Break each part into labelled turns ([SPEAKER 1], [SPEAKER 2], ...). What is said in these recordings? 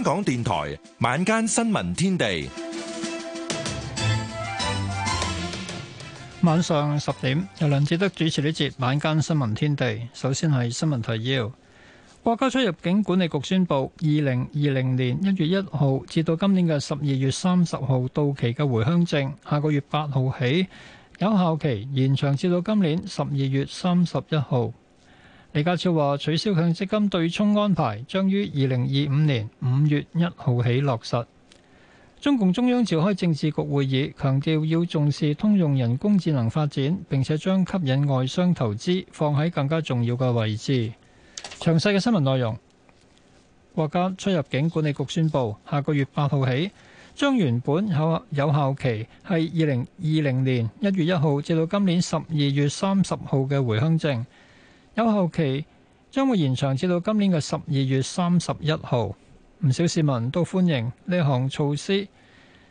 [SPEAKER 1] 香港電台晚間新聞天地，晚
[SPEAKER 2] 上十點由梁志德主持呢節晚間新聞天地。首先係新聞提要，國家出入境管理局宣布，二零二零年一月一號至到今年嘅十二月三十號到期嘅回鄉證，下個月八號起有效期延長至到今年十二月三十一號。李家超話取消強積金對沖安排，將於二零二五年五月一號起落實。中共中央召開政治局會議，強調要重視通用人工智能發展，並且將吸引外商投資放喺更加重要嘅位置。詳細嘅新聞內容，國家出入境管理局宣布，下個月八號起，將原本有效期係二零二零年一月一號至到今年十二月三十號嘅回鄉證。有效期將會延長至到今年嘅十二月三十一號，唔少市民都歡迎呢項措施。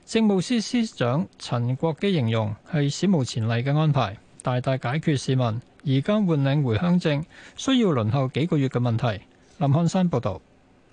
[SPEAKER 2] 政務司司長陳國基形容係史無前例嘅安排，大大解決市民而家換領回鄉證需要輪候幾個月嘅問題，林漢山報道。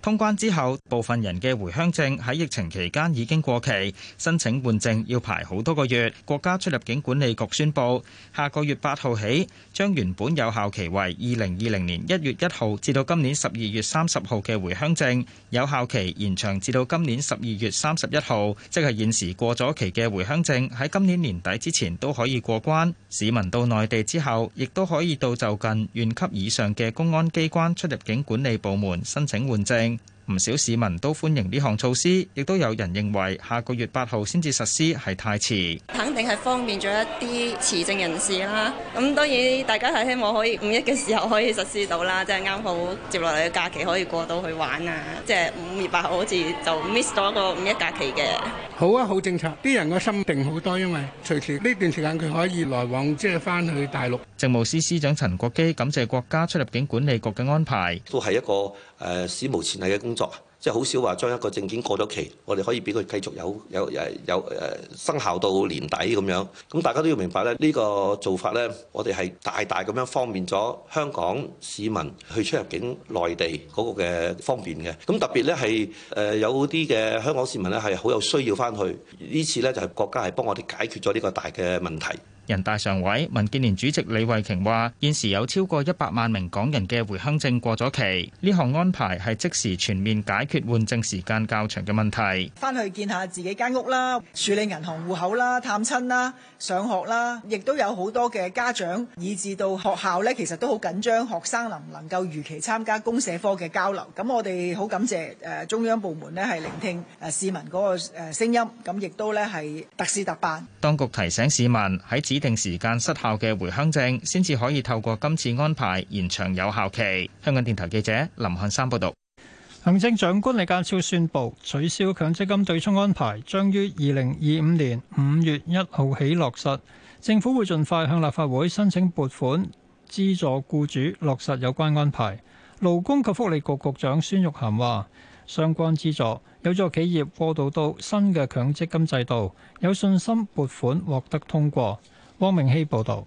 [SPEAKER 2] 通關之後，部分人嘅回鄉證喺疫情期間
[SPEAKER 3] 已經過期，申請換證要排好多個月。國家出入境管理局宣布，下個月八號起，將原本有效期為二零二零年一月一號至到今年十二月三十號嘅回鄉證有效期延長至到今年十二月三十一號，即係現時過咗期嘅回鄉證喺今年年底之前都可以過關，市民到內地之後亦都可以到就近縣級以上嘅公安機關出入境管理部門申請換證。唔少市民都歡迎呢項措施，亦都有人認為下個月八號先至實施係太遲。
[SPEAKER 4] 肯定係方便咗一啲持證人士啦。咁當然大家係希望可以五一嘅時候可以實施到啦，即係啱好接落嚟嘅假期可以過到去玩啊！即係五月八號好似就 miss 咗個五一假期嘅。
[SPEAKER 2] 好啊，好政策，啲人個心定好多，因為隨時呢段時間佢可以來往，
[SPEAKER 3] 即係翻去大陸。政務司司長陳國基感謝國家出入境管理局嘅安排，
[SPEAKER 1] 都係一個誒史無前例嘅工作。作即係好少話，將一個證件過咗期，我哋可以俾佢繼續有有誒有誒生效到年底咁樣。咁大家都要明白咧，呢個做法咧，我哋係大大咁樣方便咗香港市民去出入境內地嗰個嘅方便嘅。咁特別咧係誒有啲嘅香港市民咧係好有需要翻去呢次咧就係國家係幫我哋解決咗呢個大嘅問題。
[SPEAKER 3] 人大常委、民建聯主席李慧瓊話，現時有超過一百萬名港人嘅回鄉證過咗期，呢項安排係即時全面解決換證時間較長嘅問題。
[SPEAKER 5] 翻去見下自己間屋啦，處理銀行戶口啦，探親啦，上學啦，亦都有好多嘅家長，以至到學校咧，其實都好緊張，學生能唔能夠如期參加公社科嘅交流？咁我哋好感謝誒中央部門咧，係聆聽誒市民嗰個誒聲音，咁亦都咧係特事特辦。
[SPEAKER 3] 當局提醒市民喺自指定時間失效嘅回鄉證先至可以透過今次安排延長有效期。香港電台記
[SPEAKER 2] 者林漢山報道。行政長官李家超宣布取消強積金對沖安排，將於二零二五年五月一號起落實，政府會盡快向立法會申請撥款，資助僱主落實有關安排。勞工及福利局局長孫玉菡話，相關資助有助企業過渡到新嘅強積金制度，有信心撥款獲得通過。汪明希報道，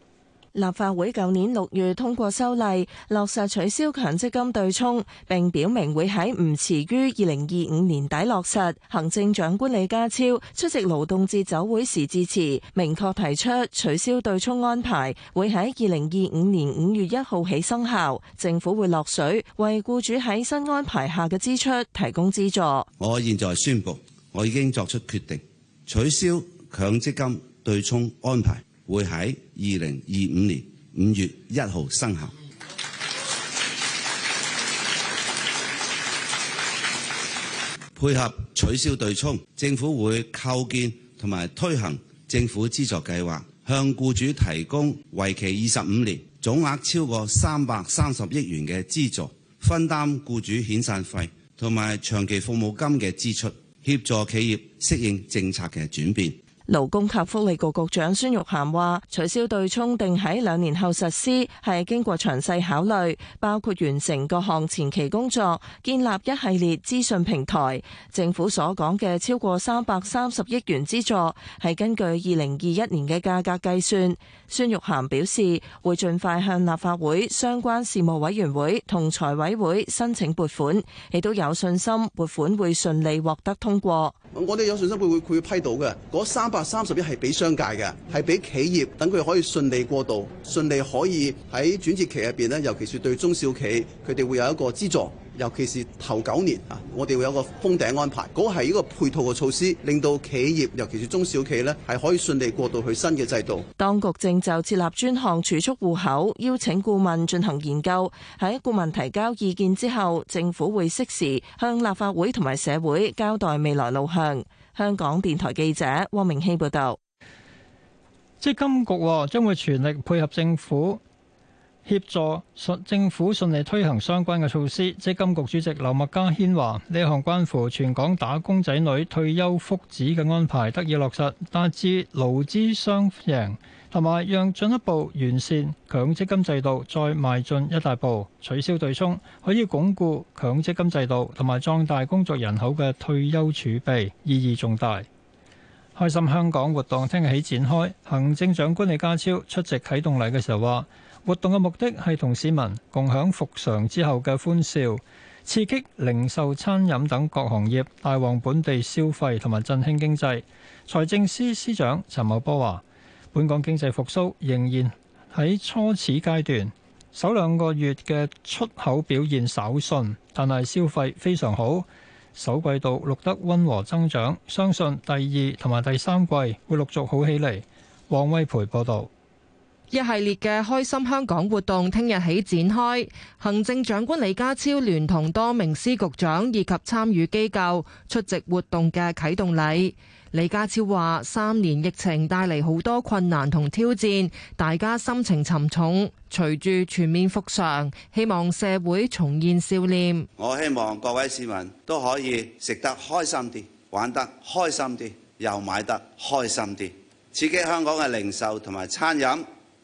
[SPEAKER 4] 立法會舊年六月通過修例，落實取消強積金對沖，並表明會喺唔遲於二零二五年底落實。行政長官李家超出席勞動節酒會時致辭，明確提出取消對沖安排，會喺二零二五年五月一號起生效。政府會落水，為僱主喺新安排下嘅支出提供資助。
[SPEAKER 6] 我現在宣布，我已經作出決定，取消強積金對沖安排。會喺二零二五年五月一號生效，配合取消對沖，政府會構建同埋推行政府資助計劃，向雇主提供為期二十五年、總額超過三百三十億元嘅資助，分擔雇主遣散費同埋長期服務金嘅支出，協助企業適應政策嘅轉變。
[SPEAKER 4] 勞工及福利局局長孫玉菡話：取消對沖定喺兩年後實施，係經過詳細考慮，包括完成各項前期工作，建立一系列資訊平台。政府所講嘅超過三百三十億元資助，係根據二零二一年嘅價格計算。孫玉菡表示，會盡快向立法會相關事務委員會同財委會申請撥款，亦都有信心撥款會順利獲得通過。
[SPEAKER 6] 我我哋有信心佢會佢會批到嘅，嗰三百三十億係俾商界嘅，係俾企業等佢可以順利過渡，順利可以喺轉折期入邊，尤其是對中小企，佢哋會有一個資助。尤其是頭九年啊，我哋會有個封頂安排，嗰個係一個配套嘅措施，令到企業，尤其是中小企呢係可以順利過渡去新嘅制度。
[SPEAKER 4] 當局正就設立專項儲蓄戶口，邀請顧問進行研究。喺顧問提交意見之後，政府會適時向立法會同埋社會交代未來路向。香港電台記者汪明希報導。
[SPEAKER 2] 積金局將會全力配合政府。協助政府順利推行相關嘅措施。積金局主席劉麥嘉軒話：呢項關乎全港打工仔女退休福祉嘅安排得以落實，達至勞資雙贏，同埋讓進一步完善強積金制度再邁進一大步。取消對沖可以鞏固強積金制度，同埋壯大工作人口嘅退休儲備，意義重大。開心香港活動聽日起展開，行政長官李家超出席啟動禮嘅時候話。活動嘅目的係同市民共享復常之後嘅歡笑，刺激零售、餐飲等各行業，帶旺本地消費同埋振興經濟。財政司司長陳茂波話，本港經濟復甦仍然喺初始階段，首兩個月嘅出口表現稍遜，但係消費非常好，首季度錄得溫和增長，相信第二同埋第三季會陸續好起嚟。黃威培報道。
[SPEAKER 7] 一系列嘅開心香港活動聽日起展開，行政長官李家超聯同多名司局長以及參與機構出席活動嘅啟動禮。李家超話：三年疫情帶嚟好多困難同挑戰，大家心情沉重。隨住全面復常，希望社會重現笑
[SPEAKER 6] 臉。我希望各位市民都可以食得開心啲，玩得開心啲，又買得開心啲，刺激香港嘅零售同埋餐飲。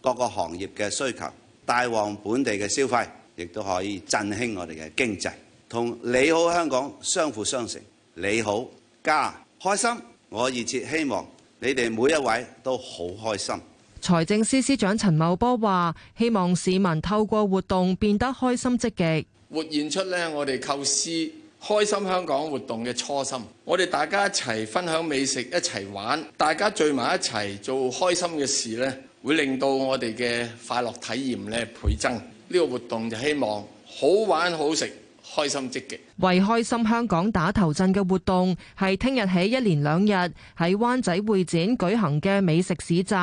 [SPEAKER 6] 各個行業嘅需求帶旺本地嘅消費，亦都可以振興我哋嘅經濟。同你好香港相輔相成。你好家，家開心，我熱切希望你哋每一位都好開心。
[SPEAKER 7] 財政司司長陳茂波話，希望市民透過活動變得開心積極，
[SPEAKER 8] 活現出咧我哋構思開心香港活動嘅初心。我哋大家一齊分享美食，一齊玩，大家聚埋一齊做開心嘅事咧。會令到我哋嘅快樂體驗咧倍增，呢、這個活動就希望好玩好食，開心積極，積極
[SPEAKER 7] 為開心香港打頭陣嘅活動，係聽日起一連兩日喺灣仔會展舉行嘅美食市集。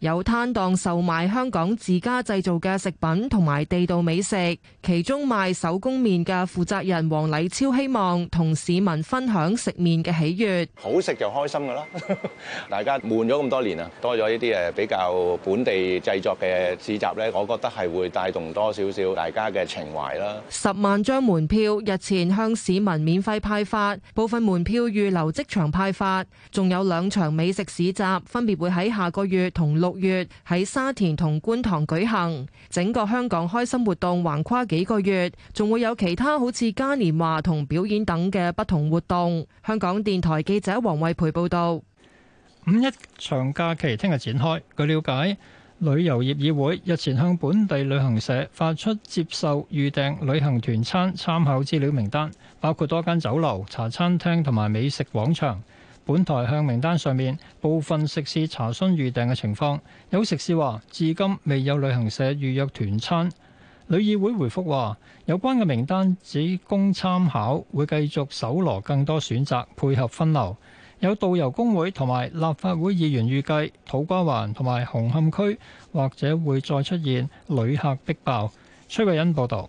[SPEAKER 7] 有攤檔售賣香港自家製造嘅食品同埋地道美食，其中賣手工麵嘅負責人黃禮超希望同市民分享食麵嘅喜悅。好食就開心㗎啦，
[SPEAKER 1] 大家悶咗咁多年啊，多咗呢啲誒，比較本地製作嘅市集呢，我覺得係會帶動多少少大家嘅情懷啦。
[SPEAKER 7] 十萬張門票日前向市民免費派發，部分門票預留即場派發，仲有兩場美食市集分別會喺下個月同六。六月喺沙田同觀塘舉行，整個香港開心活動橫跨幾個月，仲會有其他好似嘉年華同表演等嘅不同活動。香港電台記者黃惠培報道。
[SPEAKER 2] 五一長假期聽日展開，據了解，旅遊業議會日前向本地旅行社發出接受預訂旅行團餐參考資料名單，包括多間酒樓、茶餐廳同埋美食廣場。本台向名單上面部分食肆查詢預訂嘅情況，有食肆話至今未有旅行社預約團餐。旅議會回覆話有關嘅名單只供參考，會繼續搜羅更多選擇配合分流。有導遊工會同埋立法會議員預計土瓜灣同埋紅磡區或者會再出現旅客逼爆。崔慧欣報道。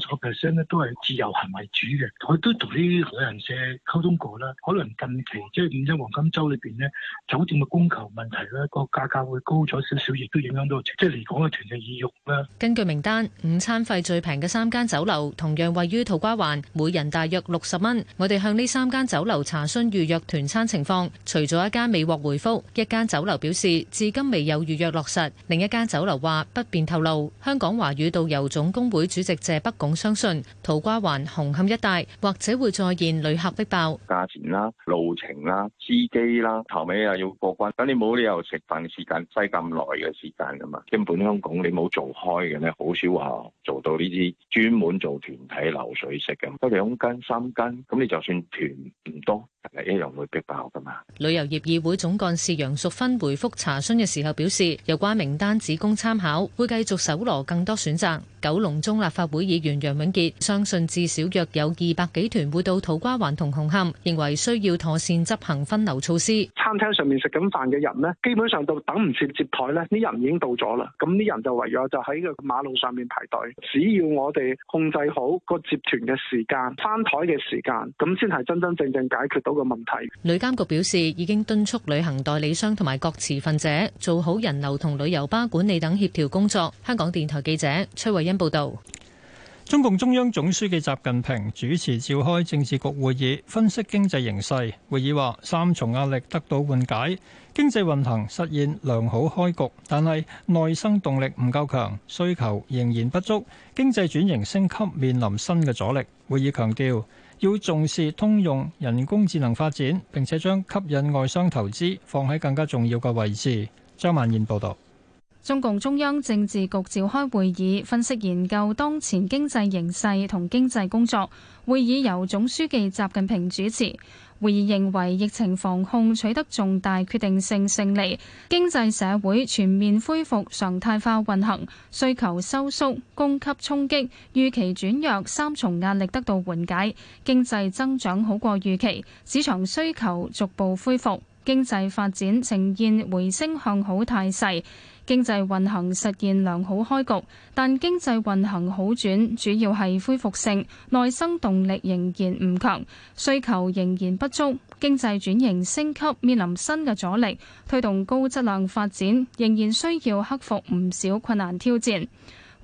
[SPEAKER 1] 都係自由行為主嘅，我都同啲旅行社溝通過啦。可能近期即係五一黃金週裏邊咧，酒店嘅供求問題咧，個價格會高咗少少，亦都影響到即係
[SPEAKER 9] 嚟港嘅團嘅意欲啦。根據名單，午餐費最平嘅三間酒樓，同樣位於土瓜灣，每人大約六十蚊。我哋向呢三間酒樓查詢預約團餐情況，除咗一間未獲回覆，一間酒樓表示至今未有預約落實，另一間酒樓話不便透露。香港華語導遊總工會主席謝北拱。相信土瓜灣、紅磡一帶或者會再現旅客逼爆，價錢啦、
[SPEAKER 1] 啊、路程啦、啊、司機啦，頭尾啊要過關，咁你冇理由食飯時間滯咁耐嘅時間噶嘛。根本香港你冇做開嘅咧，好少話做到呢啲專門做團體流水式嘅，得兩間三間，咁你就算團唔多。一樣會逼爆
[SPEAKER 9] 旅遊業議會總幹事楊淑芬回覆查詢嘅時候表示，有關名單只供參考，會繼續搜羅更多選擇。九龍中立法會議員楊永杰相信，至少約有二百幾團會到土瓜灣同紅磡，認為需要妥善執行分流措施。
[SPEAKER 1] 餐廳上面食緊飯嘅人呢，基本上都等唔切接台咧，呢人已經到咗啦。咁啲人就唯有就喺個馬路上面排隊。只要我哋控制好個接團嘅時間、翻台嘅時間，咁先係真真正正解決到。個
[SPEAKER 9] 問題，旅監局表示已經敦促旅行代理商同埋各持份者做好人流同旅遊巴管理等協調工作。香港電台記者崔慧欣報道。
[SPEAKER 2] 中共中央總書記習近平主持召開政治局會議，分析經濟形勢。會議話三重壓力得到緩解，經濟運行實現良好開局，但係內生動力唔夠強，需求仍然不足，經濟轉型升級面臨新嘅阻力。會議強調。要重視通用人工智能發展，並且將吸引外商投資放喺更加重要嘅位置。張曼燕報導。
[SPEAKER 10] 中共中央政治局召開會議，分析研究當前經濟形勢同經濟工作。會議由總書記習近平主持。會議認為疫情防控取得重大決定性勝利，經濟社會全面恢復常態化運行，需求收縮、供給衝擊、預期轉弱三重壓力得到緩解，經濟增長好過預期，市場需求逐步恢復，經濟發展呈現回升向好態勢。經濟運行實現良好開局，但經濟運行好轉主要係恢復性，內生動力仍然唔強，需求仍然不足，經濟轉型升級面臨新嘅阻力，推動高質量發展仍然需要克服唔少困難挑戰。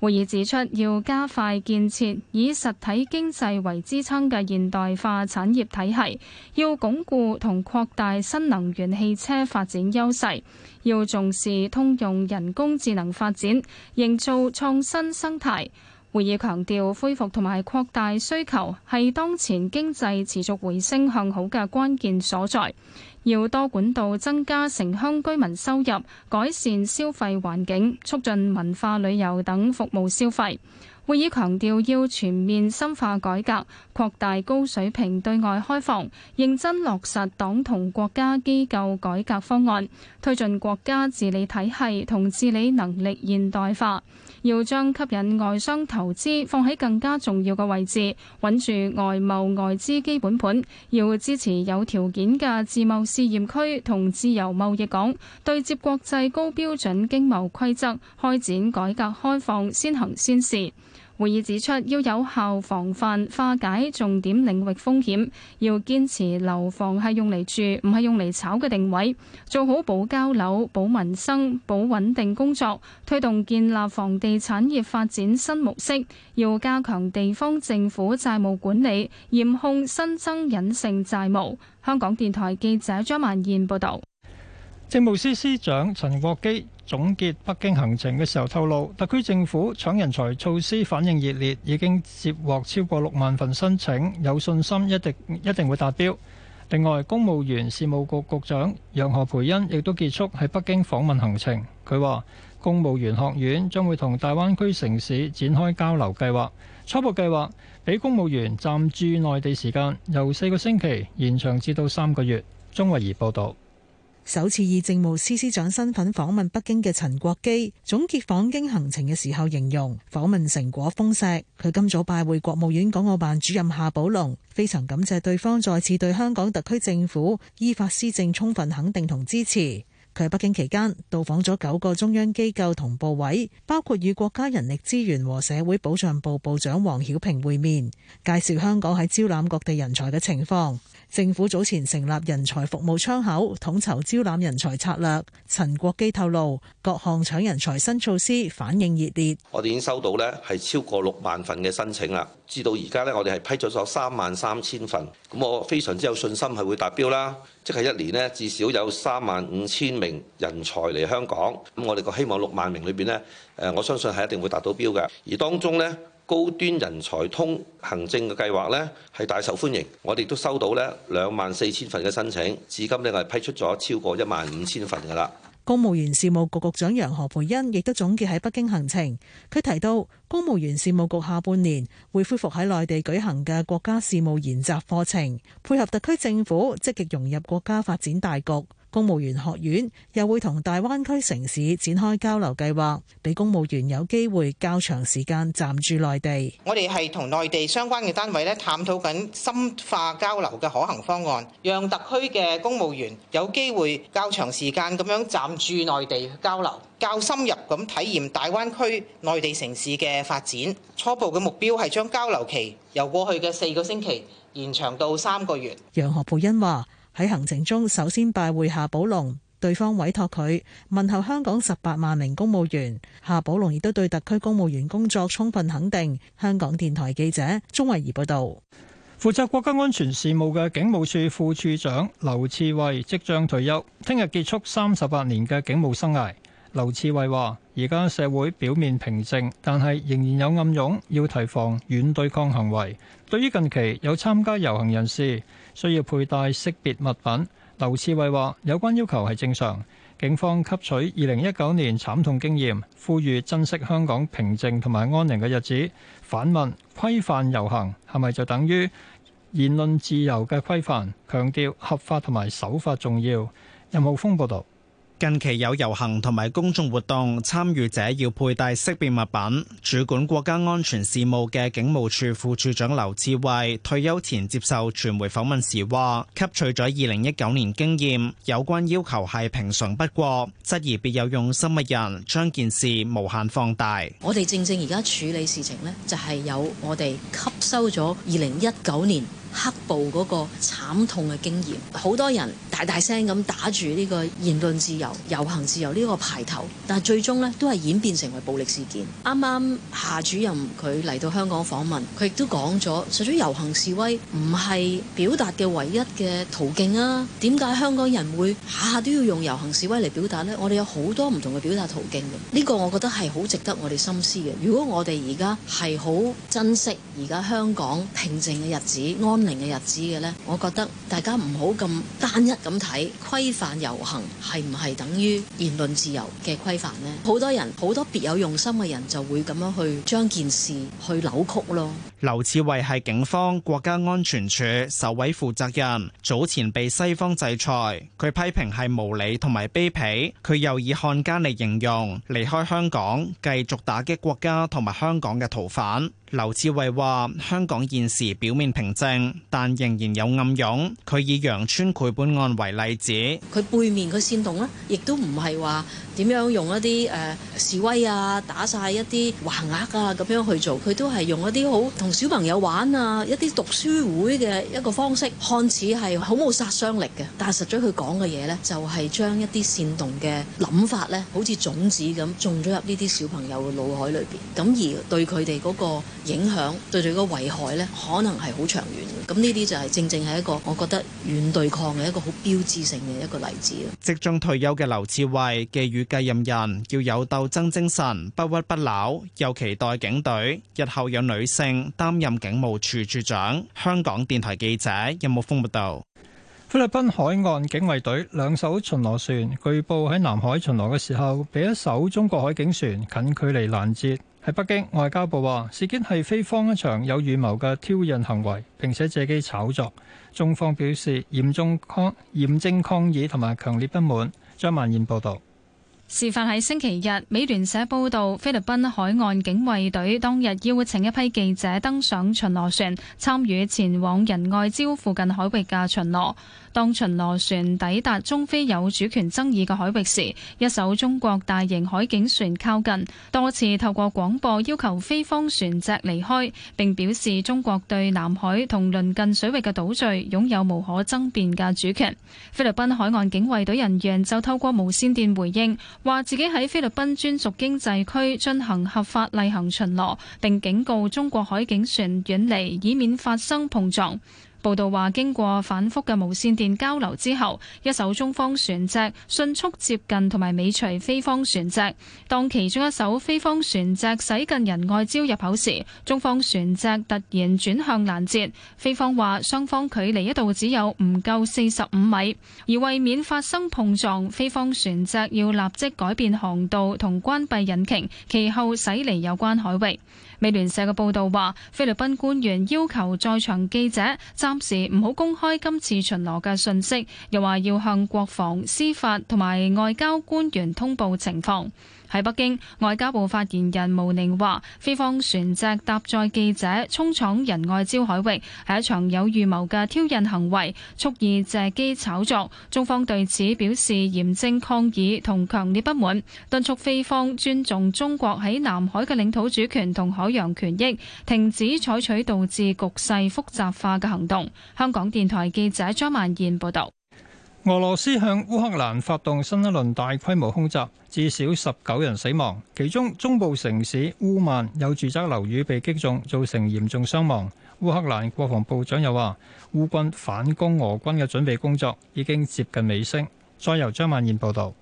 [SPEAKER 10] 會議指出，要加快建設以實體經濟為支撐嘅現代化產業體系，要鞏固同擴大新能源汽車發展優勢，要重視通用人工智能發展，營造創新生態。會議強調，恢復同埋擴大需求係當前經濟持續回升向好嘅關鍵所在。要多管道增加城鄉居民收入，改善消費環境，促進文化旅遊等服務消費。會議強調要全面深化改革，擴大高水平對外開放，認真落實黨同國家機構改革方案，推進國家治理體系同治理能力現代化。要將吸引外商投資放喺更加重要嘅位置，穩住外貿外資基本盤。要支持有條件嘅自貿試驗區同自由貿易港，對接國際高標準經貿規則，開展改革開放先行先試。會議指出，要有效防範化解重點領域風險，要堅持樓房係用嚟住，唔係用嚟炒嘅定位，做好保交樓、保民生、保穩定工作，推動建立房地產業發展新模式。要加強地方政府債務管理，嚴控新增隱性債務。香港電台記者張萬燕報導。
[SPEAKER 2] 政務司司長陳國基。總結北京行程嘅時候透露，特區政府搶人才措施反應熱烈，已經接獲超過六萬份申請，有信心一定一定會達標。另外，公務員事務局局，局長楊何培恩亦都結束喺北京訪問行程。佢話：公務員學院將會同大灣區城市展開交流計劃，初步計劃俾公務員暫住內地時間由四個星期延長至到三個月。鐘慧儀報導。
[SPEAKER 5] 首次以政務司司長身份訪問北京嘅陳國基總結訪京行程嘅時候，形容訪問成果豐碩。佢今早拜會國務院港澳辦主任夏寶龍，非常感謝對方再次對香港特區政府依法施政充分肯定同支持。佢喺北京期間到訪咗九個中央機構同部委，包括與國家人力資源和社會保障部部長王曉萍會面，介紹香港喺招攬各地人才嘅情況。政府早前成立人才服務窗口，統籌招攬人才策略。陳國基透露，各項搶人才新措施反應熱烈。
[SPEAKER 1] 我哋已經收到呢，係超過六萬份嘅申請啦。至到而家呢，我哋係批准咗三萬三千份。咁我非常之有信心係會達標啦。即係一年呢，至少有三萬五千名人才嚟香港。咁我哋個希望六萬名裏邊呢，誒，我相信係一定會達到標嘅。而當中呢。高端人才通行證嘅計劃呢，係大受歡迎，我哋都收到呢兩萬四千份嘅申請，至今呢，係批出咗超過一萬五千份噶啦。
[SPEAKER 5] 公務員事務局局長楊何蓓茵亦都總結喺北京行程，佢提到公務員事務局下半年會恢復喺內地舉行嘅國家事務研習課程，配合特區政府積極融入國家發展大局。公務員學院又會同大灣區城市展開交流計劃，俾公務員有機會較長時間暫住內地。我哋係同內地相關嘅單位咧，探討緊深化交流嘅可行方案，讓特區嘅公務員有機會較長時間咁樣暫住內地交流，較深入咁體驗大灣區內地城市嘅發展。初步嘅目標係將交流期由過去嘅四個星期延長到三個月。楊何蓓茵話。喺行程中，首先拜會夏寶龍，對方委託佢問候香港十八萬名公務員。夏寶龍亦都對特區公務員工作充分肯定。香港電台記者鍾慧儀報道。
[SPEAKER 2] 負責國家安全事務嘅警務處副處長劉賜慧即將退休，聽日結束三十八年嘅警務生涯。劉賜慧話：而家社會表面平靜，但係仍然有暗湧，要提防軟對抗行為。對於近期有參加遊行人士。需要佩戴識別物品。劉志偉話，有關要求係正常。警方吸取二零一九年慘痛經驗，呼籲珍惜香港平靜同埋安寧嘅日子。反問規範遊行係咪就等於言論自由嘅規範，強調合法同埋守法重要。任浩峰報道。近期有遊行同埋公眾活動參與者要佩
[SPEAKER 11] 戴識別物品。主管國家安全事務嘅警務處副處長劉賜蕙退休前接受傳媒訪問時話：吸取咗二零一九年經驗，有關要求係平常不過。質疑別有用心嘅人將件事無限放大。
[SPEAKER 12] 我哋正正而家處理事情呢，就係有我哋吸收咗二零一九年黑暴嗰個慘痛嘅經驗，好多人大大聲咁打住呢個言論自由、遊行自由呢個牌頭，但係最終咧都係演變成為暴力事件。啱啱夏主任佢嚟到香港訪問，佢亦都講咗，除咗遊行示威唔係表達嘅唯一嘅途徑啊！點解香港人會下下都要用遊行示威嚟表達咧？我哋有好多唔同嘅表達途徑嘅，呢、這個我覺得係好值得我哋深思嘅。如果我哋而家係好珍惜而家香港平靜嘅日子、安嘅日子嘅咧，我覺得大家唔好咁單一咁睇規範遊行係唔係等於言論自由嘅規範呢？好多人好多別有用心嘅人就會咁樣去將件事去扭曲咯。
[SPEAKER 11] 劉志偉係警方國家安全處首位負責人，早前被西方制裁，佢批評係無理同埋卑鄙，佢又以漢奸嚟形容離開香港繼續打擊國家同埋香港嘅逃犯。劉志偉話：香港現時表面平靜，但仍然有暗湧。佢以羊村繪本案為例子，
[SPEAKER 12] 佢背面嘅煽動呢，亦都唔係話點樣用一啲誒、呃、示威啊、打晒一啲橫額啊咁樣去做，佢都係用一啲好同小朋友玩啊、一啲讀書會嘅一個方式，看似係好冇殺傷力嘅，但係實咗佢講嘅嘢呢，就係將一啲煽動嘅諗法呢，好似種子咁種咗入呢啲小朋友嘅腦海裏邊，咁而對佢哋嗰個。影響對佢個危害咧，可能係好長遠嘅。咁呢啲就係正正係一個我覺得軟對抗嘅一個好標誌性嘅一個例子。
[SPEAKER 11] 即將退休嘅劉賜蕙寄語繼任人要有鬥爭精神，不屈不撓，又期待警隊日後有女性擔任警務處處長。
[SPEAKER 2] 香港電台記者任慕峰報道。菲律賓海岸警衛隊兩艘巡邏船據報喺南海巡邏嘅時候，俾一艘中國海警船近距離攔截。喺北京，外交部話事件係非方一場有預謀嘅挑釁行為，並且借機炒作。中方表示嚴重抗、嚴正抗議同埋強烈不滿，張曼燕報道。
[SPEAKER 10] 事發喺星期日，美聯社報道，菲律賓海岸警衛隊當日邀請一批記者登上巡邏船，參與前往仁愛礁附近海域嘅巡邏。當巡邏船抵達中菲有主權爭議嘅海域時，一艘中國大型海警船靠近，多次透過廣播要求菲方船隻離開，並表示中國對南海同鄰近水域嘅島嶼擁有無可爭辯嘅主權。菲律賓海岸警衛隊人員就透過無線電回應，話自己喺菲律賓專屬經濟區進行合法例行巡邏，並警告中國海警船遠離，以免發生碰撞。報道話，經過反覆嘅無綫電交流之後，一艘中方船隻迅速接近同埋尾隨菲方船隻。當其中一艘菲方船隻駛近仁愛礁入口時，中方船隻突然轉向攔截。菲方話，雙方距離一度只有唔夠四十五米，而為免發生碰撞，菲方船隻要立即改變航道同關閉引擎，其後駛離有關海域。美聯社嘅報道話，菲律賓官員要求在場記者暫時唔好公開今次巡邏嘅訊息，又話要向國防、司法同埋外交官員通報情況。喺北京，外交部發言人毛寧話，菲方船隻搭載記者衝闖仁愛礁海域，係一場有預謀嘅挑釁行為，蓄意借機炒作。中方對此表示嚴正抗議同強烈不滿，敦促菲方尊重中國喺南海嘅領土主權同海洋權益，停止採取導致局勢複雜化嘅行動，香港電台記者張曼燕報道。
[SPEAKER 2] 俄羅斯向烏克蘭發動新一輪大規模空襲，至少十九人死亡，其中中部城市烏曼有住宅樓宇被擊中，造成嚴重傷亡。烏克蘭國防部長又話，烏軍反攻俄軍嘅準備工作已經接近尾聲。再由張曼燕報道。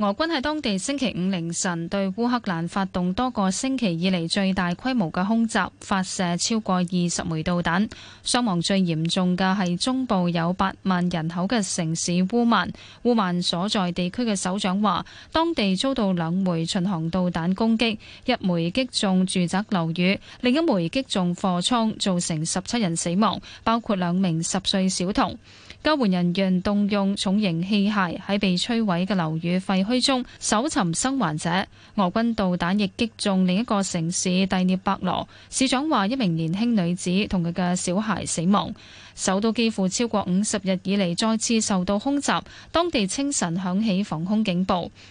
[SPEAKER 10] 俄軍喺當地星期五凌晨對烏克蘭發動多個星期以嚟最大規模嘅空襲，發射超過二十枚導彈。傷亡最嚴重嘅係中部有八萬人口嘅城市烏曼。烏曼所在地區嘅首長話，當地遭到兩枚巡航導彈攻擊，一枚擊中住宅樓宇，另一枚擊中貨倉，造成十七人死亡，包括兩名十歲小童。救援人員動用重型器械喺被摧毀嘅樓宇廢墟中搜尋生還者。俄軍導彈亦擊中另一個城市蒂涅伯羅，市長話一名年輕女子同佢嘅小孩死亡。首都幾乎超過五十日以嚟再次受到空襲，當地清晨響起防空警報。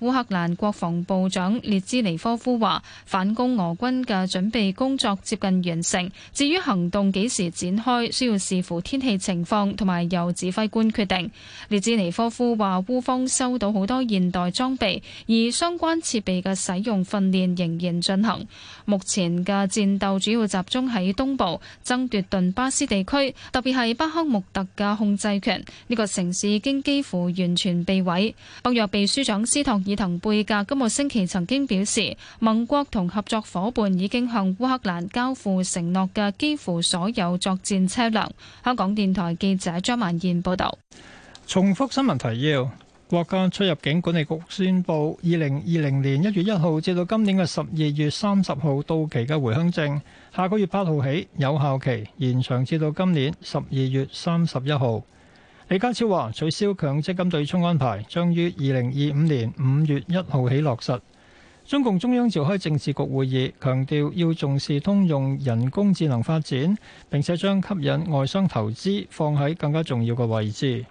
[SPEAKER 10] 烏克蘭國防部長列茲尼科夫話：反攻俄軍嘅準備工作接近完成，至於行動幾時展開，需要視乎天氣情況同埋由指揮官決定。列茲尼科夫話：烏方收到好多現代裝備，而相關設備嘅使用訓練仍然進行。目前嘅戰鬥主要集中喺東部，爭奪頓巴斯地區，特別係巴克穆特嘅控制權。呢個城市已經幾乎完全被毀。北約秘書長斯托爾滕貝格今個星期曾經表示，盟國同合作夥伴已經向烏克蘭交付承諾嘅幾乎所有作戰車輛。香港電台記者張曼燕報道。
[SPEAKER 2] 重複新聞提要：國家出入境管理局宣布，二零二零年一月一號至到今年嘅十二月三十號到期嘅回鄉證，下個月八號起有效期延長至到今年十二月三十一號。李家超話取消強積金對沖安排將於二零二五年五月一號起落實。中共中央召開政治局會議，強調要重視通用人工智能發展，並且將吸引外商投資放喺更加重要嘅位置。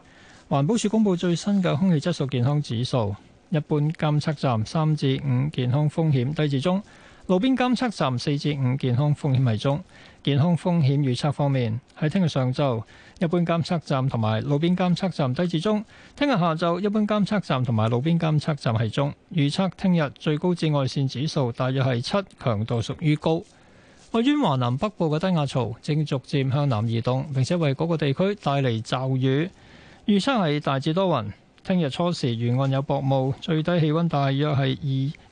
[SPEAKER 2] 環保署公布最新嘅空氣質素健康指數，一般監測站三至五健康風險，低至中。路邊監測站四至五健康風險為中，健康風險預測方面喺聽日上晝，一般監測站同埋路邊監測站低至中；聽日下晝，一般監測站同埋路邊監測站係中。預測聽日最高紫外線指數大約係七，強度屬於高。位於華南北部嘅低壓槽正逐漸向南移動，並且為嗰個地區帶嚟驟雨。預測係大致多雲。聽日初時沿岸有薄霧，最低氣温大約係二。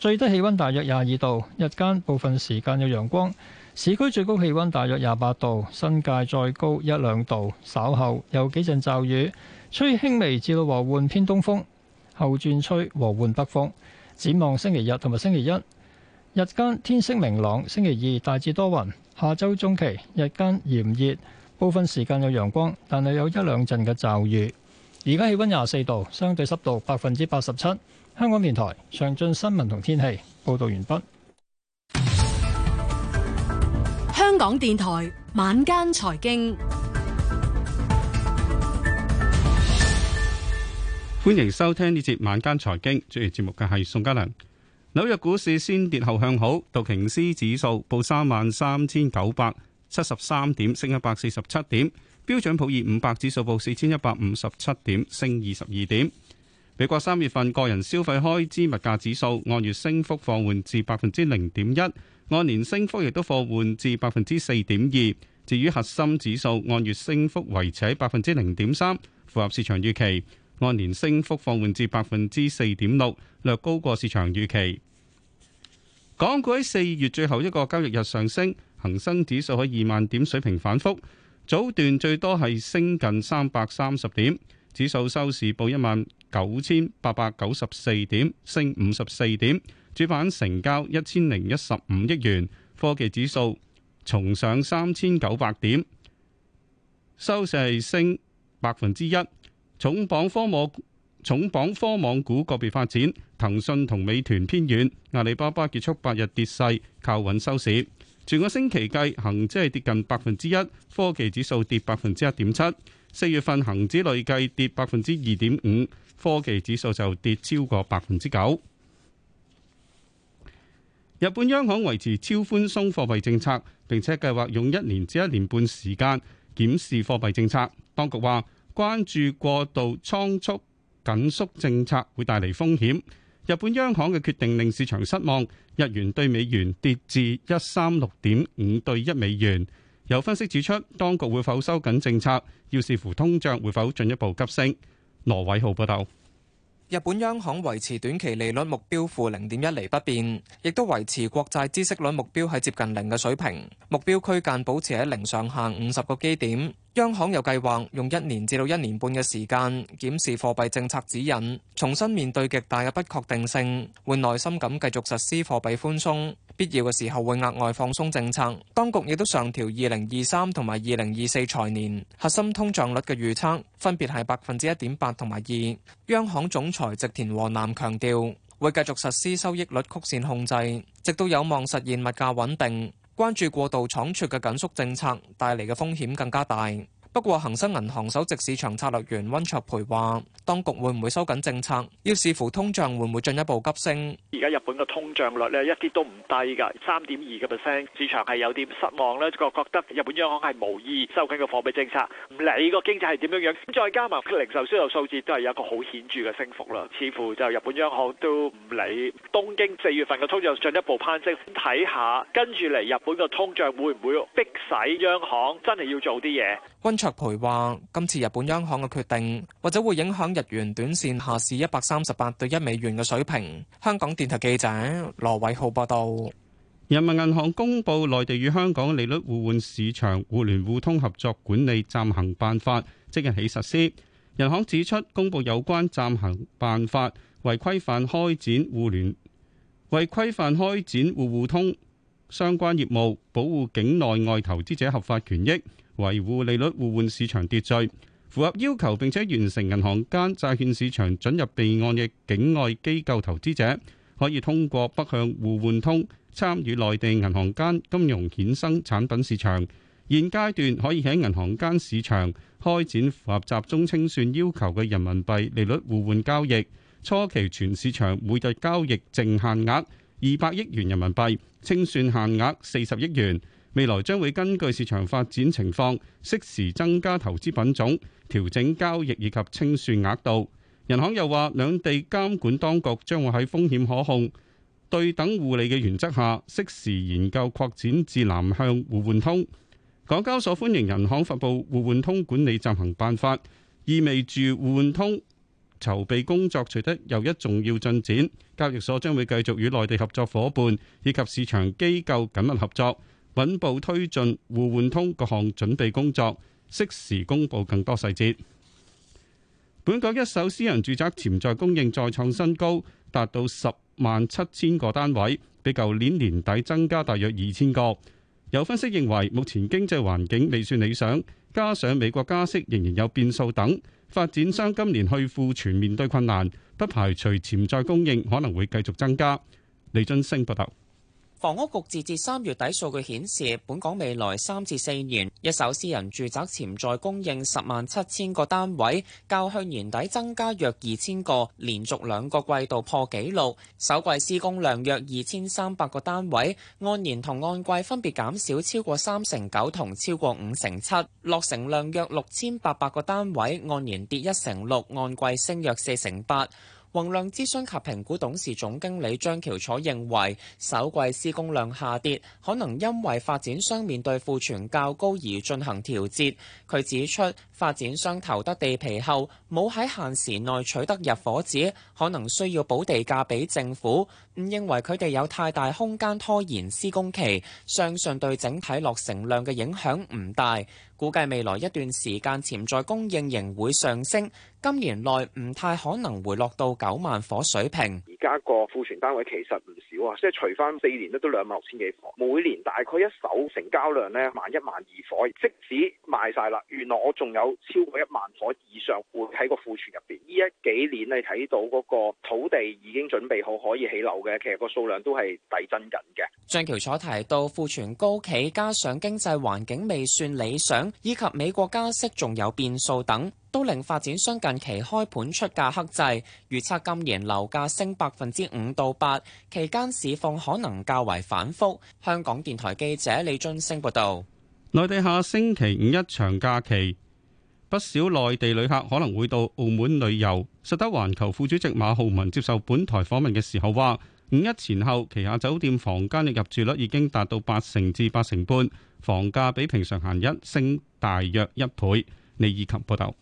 [SPEAKER 2] 最低氣温大約廿二度，日間部分時間有陽光。市區最高氣温大約廿八度，新界再高一兩度。稍後有幾陣驟雨，吹輕微至到和緩偏東風，後轉吹和緩北風。展望星期日同埋星期一，日間天色明朗，星期二大致多雲。下周中期日間炎熱，部分時間有陽光，但係有一兩陣嘅驟雨。而家氣溫廿四度，相對濕度百分之八十七。香港電台詳盡新聞同天氣報道完畢。
[SPEAKER 12] 香港電台晚間財經，
[SPEAKER 13] 歡迎收聽呢節晚間財經。主持節目嘅係宋家良。紐約股市先跌後向好，道瓊斯指數報三萬三千九百七十三點，升一百四十七點。標準普爾五百指數報四千一百五十七點，升二十二點。美國三月份個人消費開支物價指數按月升幅放緩至百分之零點一，按年升幅亦都放緩至百分之四點二。至於核心指數按月升幅維持喺百分之零點三，符合市場預期。按年升幅放緩至百分之四點六，略高過市場預期。港股喺四月最後一個交易日上升，恒生指數喺二萬點水平反復，早段最多係升近三百三十點，指數收市報一萬九千八百九十四點，升五十四點，主板成交一千零一十五億元，科技指數重上三千九百點，收市係升百分之一。重磅科網重磅科網股個別發展，騰訊同美團偏軟，阿里巴巴結束八日跌勢，靠穩收市。全個星期計，恒指係跌近百分之一，科技指數跌百分之一點七。四月份恒指累計跌百分之二點五，科技指數就跌超過百分之九。日本央行維持超寬鬆貨幣政策，並且計劃用一年至一年半時間檢視貨幣政策。當局話，關注過度倉促緊縮政策會帶嚟風險。日本央行嘅決定令市場失望，日元對美元跌至一三六點五對一美元。有分析指出，當局會否收緊政策，要視乎通脹會否進一步急升。羅偉浩報道，
[SPEAKER 8] 日本央行維持短期利率目標負零點一厘不變，亦都維持國債孳息率目標係接近零嘅水平，目標區間保持喺零上下五十個基點。央行又計劃用一年至到一年半嘅時間檢視貨幣政策指引，重新面對極大嘅不確定性，會耐心咁繼續實施貨幣寬鬆，必要嘅時候會額外放鬆政策。當局亦都上調二零二三同埋二零二四財年核心通脹率嘅預測，分別係百分之一點八同埋二。央行總裁植田和男強調，會繼續實施收益率曲線控制，直到有望實現物價穩定。關注過度倉促嘅緊縮政策，帶嚟嘅風險更加大。不過，恒生銀行首席市場策略員温卓培話，當局會唔會收緊政策，要視乎通脹會唔會進一步急升。而家日本嘅通脹率呢，一啲都唔低㗎，三點二個 percent，市場係有啲失望呢。覺覺得日本央行係無意收緊個貨幣政策，唔理個經濟係點樣樣。再加埋零售銷售數字都係有一個好顯
[SPEAKER 1] 著嘅升幅啦，似乎就日本央行都唔理東京四月份嘅通脹進一步
[SPEAKER 8] 攀升，睇下跟住嚟日本嘅通脹會唔會逼使央行真係要做啲嘢。溫卓培話，今次日本央行嘅決定或者會影響日元短線下市一百三十八對一美元嘅水平。香港電台記者羅偉浩報道。
[SPEAKER 13] 人民銀行公布內地與香港利率互換市場互聯互通合作管理暫行辦法，即日起實施。人行指出，公布有關暫行辦法，為規範開展互聯互通，為規範開展互互通相關業務，保護境內外投資者合法權益。維護利率互換市場秩序，符合要求並且完成銀行間債券市場准入備案嘅境外機構投資者，可以通過北向互換通參與內地銀行間金融衍生產品市場。現階段可以喺銀行間市場開展符合集中清算要求嘅人民幣利率互換交易，初期全市場每日交易淨限額二百億元人民幣，清算限額四十億元。未來將會根據市場發展情況，適時增加投資品種，調整交易以及清算額度。人行又話，兩地監管當局將會喺風險可控、對等互利嘅原則下，適時研究擴展至南向互換通。港交所歡迎人行發布互換通管理暫行辦法，意味住互換通籌備工作取得又一重要進展。交易所將會繼續與內地合作伙伴以及市場機構緊密合作。穩步推進互換通各項準備工作，適時公布更多細節。本港一手私人住宅潛在供應再創新高，達到十萬七千個單位，比舊年年底增加大約二千個。有分析認為，目前經濟環境未算理想，加上美國加息仍然有變數等，發展商今年去庫存面對困難，不排除潛在供應可能會繼續增加。李津升報道。
[SPEAKER 14] 房屋局截至三月底數據顯示，本港未來三至四年一手私人住宅潛在供應十萬七千個單位，較去年底增加約二千個，連續兩個季度破紀錄。首季施工量約二千三百個單位，按年同按季分別減少超過三成九同超過五成七。落成量約六千八百個單位，按年跌一成六，按季升約四成八。宏亮諮詢及評估董事總經理張橋楚認為，首季施工量下跌，可能因為發展商面對庫存較高而進行調節。佢指出，發展商投得地皮後，冇喺限時內取得入伙紙，可能需要補地價俾政府。認為佢哋有太大空間拖延施工期，相信對整體落成量嘅影響唔大。估計未來一段時間潛在供應仍會上升，今年內唔太可能回落到九萬伙水平。而
[SPEAKER 1] 家個庫存單位其實唔少啊，即係除翻四年咧都兩萬六千幾伙，每年大概一手成交量呢萬一萬二伙，即使賣晒啦，原來我仲有超過一萬伙以上會喺個庫存入邊。呢一幾年你睇到嗰個土地已經準備好可以起樓嘅。其實個數量都係遞增緊
[SPEAKER 14] 嘅。張喬楚提到，庫存高企，加上經濟環境未算理想，以及美國加息仲有變數等，都令發展商近期開盤出價克制。預測今年樓價升百分之五到八，8，期間市況可能較為反覆。香港電台記者李津升報道：
[SPEAKER 13] 「內地下星期五一長假期，不少內地旅客可能會到澳門旅遊。實德環球副主席馬浩文接受本台訪問嘅時候話。五一前後，旗下酒店房間嘅入住率已經達到八成至八成半，房價比平常閒日升大約一倍。李以琴報道。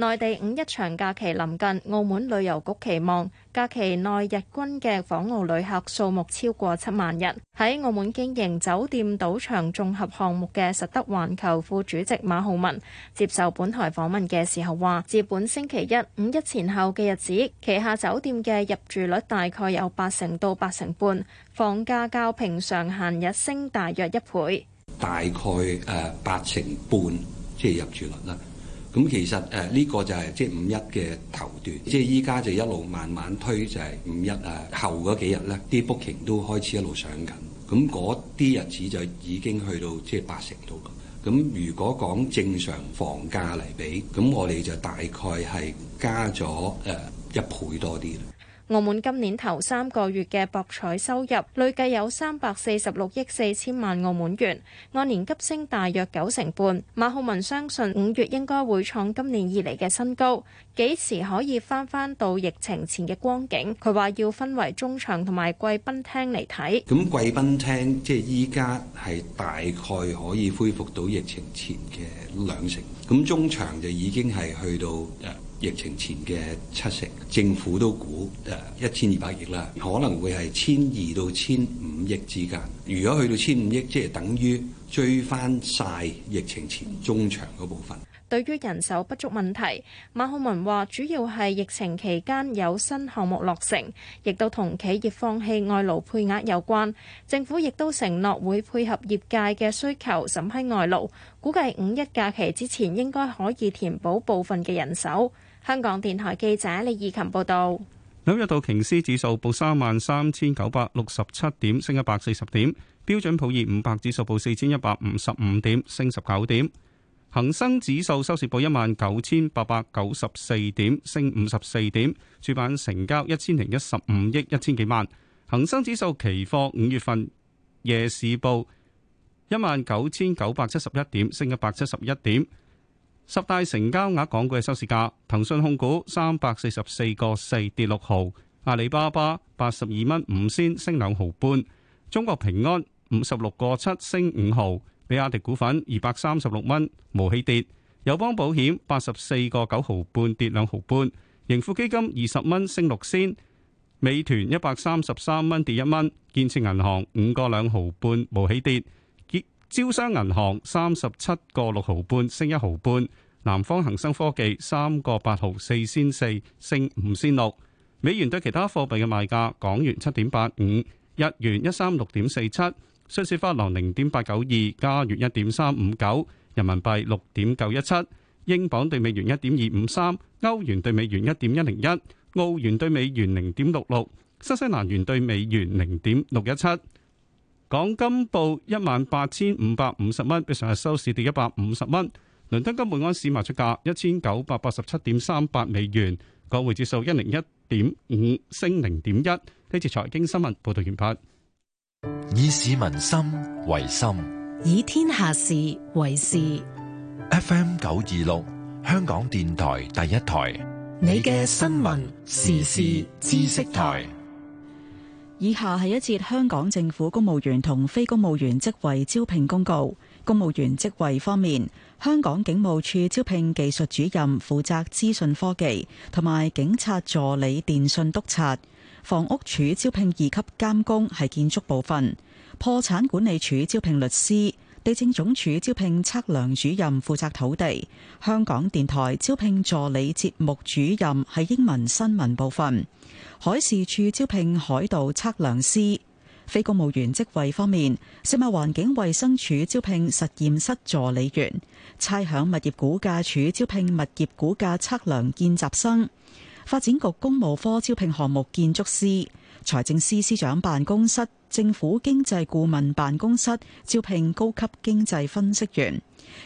[SPEAKER 15] 內地五一長假期臨近，澳門旅遊局期望假期內日均嘅訪澳旅客數目超過七萬人。喺澳門經營酒店賭場綜合項目嘅實德環球副主席馬浩文接受本台訪問嘅時候話，自本星期一五一前後嘅日子，旗下酒店嘅入住率大概有八成到八成半，房價較平常閒日升大約一倍。
[SPEAKER 6] 大概誒八成半，即係入住率啦。咁其實誒呢個就係即係五一嘅頭段，即係依家就一路慢慢推就係五一啊，後嗰幾日咧，啲 booking 都開始一路上緊，咁嗰啲日子就已經去到即係八成到啦。咁如果講正常房價嚟比，咁我哋就大概係加咗誒一倍多啲。
[SPEAKER 15] 澳門今年頭三個月嘅博彩收入累計有三百四十六億四千萬澳門元，按年急升大約九成半。馬浩文相信五月應該會創今年以嚟嘅新高，幾時可以返返到疫情前嘅光景？佢話要分為中場同埋貴賓廳嚟睇。咁貴
[SPEAKER 6] 賓廳即係依家係大概可以恢復到疫情前嘅兩成，咁中場就已經係去到。疫情前嘅七成政府都估一千二百億啦，可能會係千二到千五億之間。如果去到千五億，即係等於追翻曬疫情前中長嗰部分。
[SPEAKER 15] 對於人手不足問題，馬浩文話：主要係疫情期間有新項目落成，亦都同企業放棄外勞配額有關。政府亦都承諾會配合業界嘅需求審批外勞，估計五一假期之前應該可以填補部分嘅人手。香港電臺記者李怡琴報道：
[SPEAKER 13] 紐約道瓊斯指數報三萬三千九百六十七點，升一百四十點；標準普爾五百指數報四千一百五十五點，升十九點；恆生指數收市報一萬九千八百九十四點，升五十四點；主板成交一千零一十五億一千幾萬；恆生指數期貨五月份夜市報一萬九千九百七十一點，升一百七十一點。十大成交額港股嘅收市價：騰訊控股三百四十四個四跌六毫，阿里巴巴八十二蚊五仙升兩毫半，中國平安五十六個七升五毫，比亞迪股份二百三十六蚊無起跌，友邦保險八十四個九毫半跌兩毫半，盈富基金二十蚊升六仙，美團一百三十三蚊跌一蚊，建設銀行五個兩毫半無起跌。招商銀行三十七個六毫半升一毫半，南方恒生科技三個八毫四先四升五先六。美元對其他貨幣嘅賣價：港元七點八五，日元一三六點四七，瑞士法郎零點八九二，加元一點三五九，人民幣六點九一七，英鎊對美元一點二五三，歐元對美元一點一零一，澳元對美元零點六六，新西蘭元對美元零點六一七。港金報一萬八千五百五十蚊，比上日收市跌一百五十蚊。倫敦金每安士賣出價一千九百八十七點三八美元。港匯指數一零一點五升零點一。呢次財經新聞報道完畢。以市民心為心，
[SPEAKER 9] 以天下事為事。FM 九二六，香港電台第一台，
[SPEAKER 16] 你嘅新聞時事
[SPEAKER 1] 知識台。
[SPEAKER 16] 以下係一節香港政府公務員同非公務員職位招聘公告。公務員職位方面，香港警務處招聘技術主任，負責資訊科技同埋警察助理電訊督察；房屋署招聘二級監工，係建築部分；破產管理署招聘律師。地政總署招聘測量主任，負責土地；香港電台招聘助理節目主任，係英文新聞部分；海事處招聘海道測量師；非公務員職位方面，食物環境衛生署招聘實驗室助理員；差餉物業估價署招聘物業估價測量見習生；發展局公務科招聘項目建築師；財政司司長辦公室。政府經濟顧問辦公室招聘高級經濟分析員，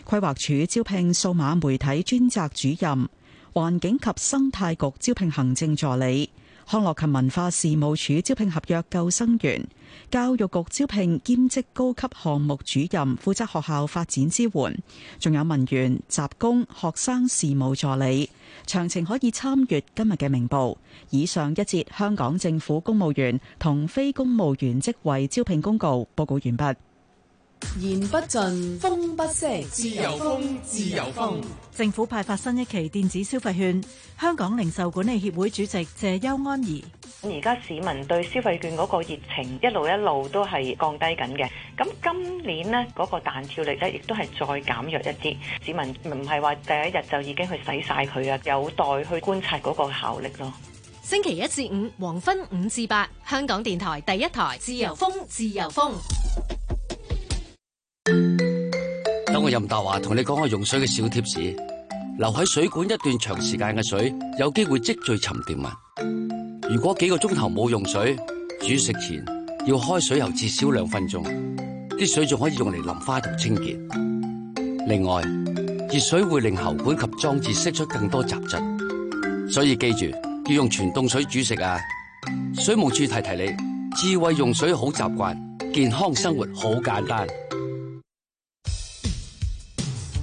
[SPEAKER 16] 規劃署招聘數碼媒體專責主任，環境及生態局招聘行政助理。康樂及文化事務署招聘合約救生員，教育局招聘兼職高級項目主任，負責學校發展支援，仲有文員、雜工、學生事務助理，詳情可以參閱今日嘅明報。以上一節香港政府公務員同非公務員職位招聘公告，報告完畢。
[SPEAKER 4] 言不盡，風不息。自由風，自由風。政府派發新一期電子消費券，香港零售管理協會主席謝邱安儀。
[SPEAKER 7] 而家市民對消費券嗰個熱情一路一路都係降低緊嘅。咁今年呢嗰個彈跳力呢，亦都係再減弱一啲。市民唔係話第一日就已經去使晒佢啊，有待去觀察嗰個效力咯。
[SPEAKER 9] 星期一至五，黃昏五至八，香港電台第一台，自由風，自由風。
[SPEAKER 6] 我任達華同你講下用水嘅小貼士，留喺水管一段長時間嘅水有機會積聚沉澱物。如果幾個鐘頭冇用水，煮食前要開水喉至少兩分鐘，啲水仲可以用嚟淋花同清潔。另外，熱水會令喉管及裝置釋出更多雜質，所以記住要用全凍水煮食啊！水務處提提你，智慧用水好習慣，健康生活好簡單。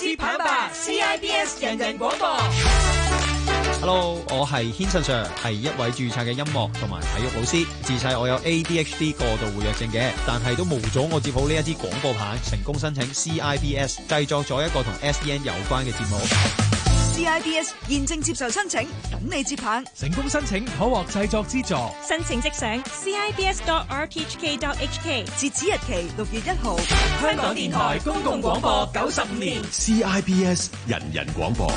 [SPEAKER 16] C
[SPEAKER 7] 品牌 CIBS
[SPEAKER 2] 人人廣播，Hello，我係軒信 Sir，係一
[SPEAKER 11] 位註冊嘅音樂同埋體育老師，自細我有 ADHD 過度活躍症嘅，但係都冇阻我接好呢一支廣播棒，成功申請 CIBS，製作咗一個同 SDN 有關
[SPEAKER 1] 嘅節目。
[SPEAKER 16] CIBS 現正接受申請，等你接棒。
[SPEAKER 1] 成功申請可
[SPEAKER 9] 獲製作資助。
[SPEAKER 16] 申請即上 CIBS.RTHK.HK，截止日
[SPEAKER 7] 期六月一號。香港電台公共廣播九十五年
[SPEAKER 8] ，CIBS 人人廣播。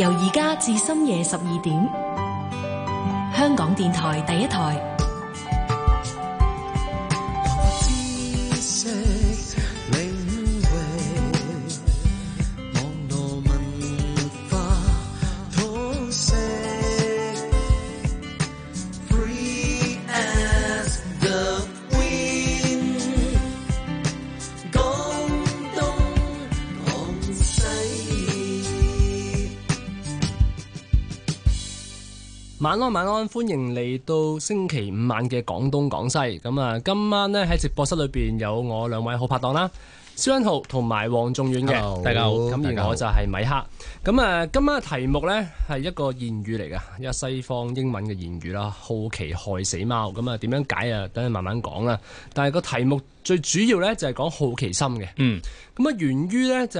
[SPEAKER 12] 由而家至深夜十二點，香港電台第一台。
[SPEAKER 8] 晚安，晚安，歡迎嚟到星期五晚嘅廣東廣西。咁啊，今晚咧喺直播室裏邊有我兩位好拍檔啦，蕭欣浩同埋黃仲遠嘅。Hello, 大家好，咁而我就係米克。咁啊，今晚嘅題目咧係一個諺語嚟嘅，一西方英文嘅諺語啦，好奇害死貓。咁啊，點樣解啊？等你慢慢講
[SPEAKER 10] 啦。但係個題目最主要咧就係講好奇心嘅。嗯，咁啊，源於咧。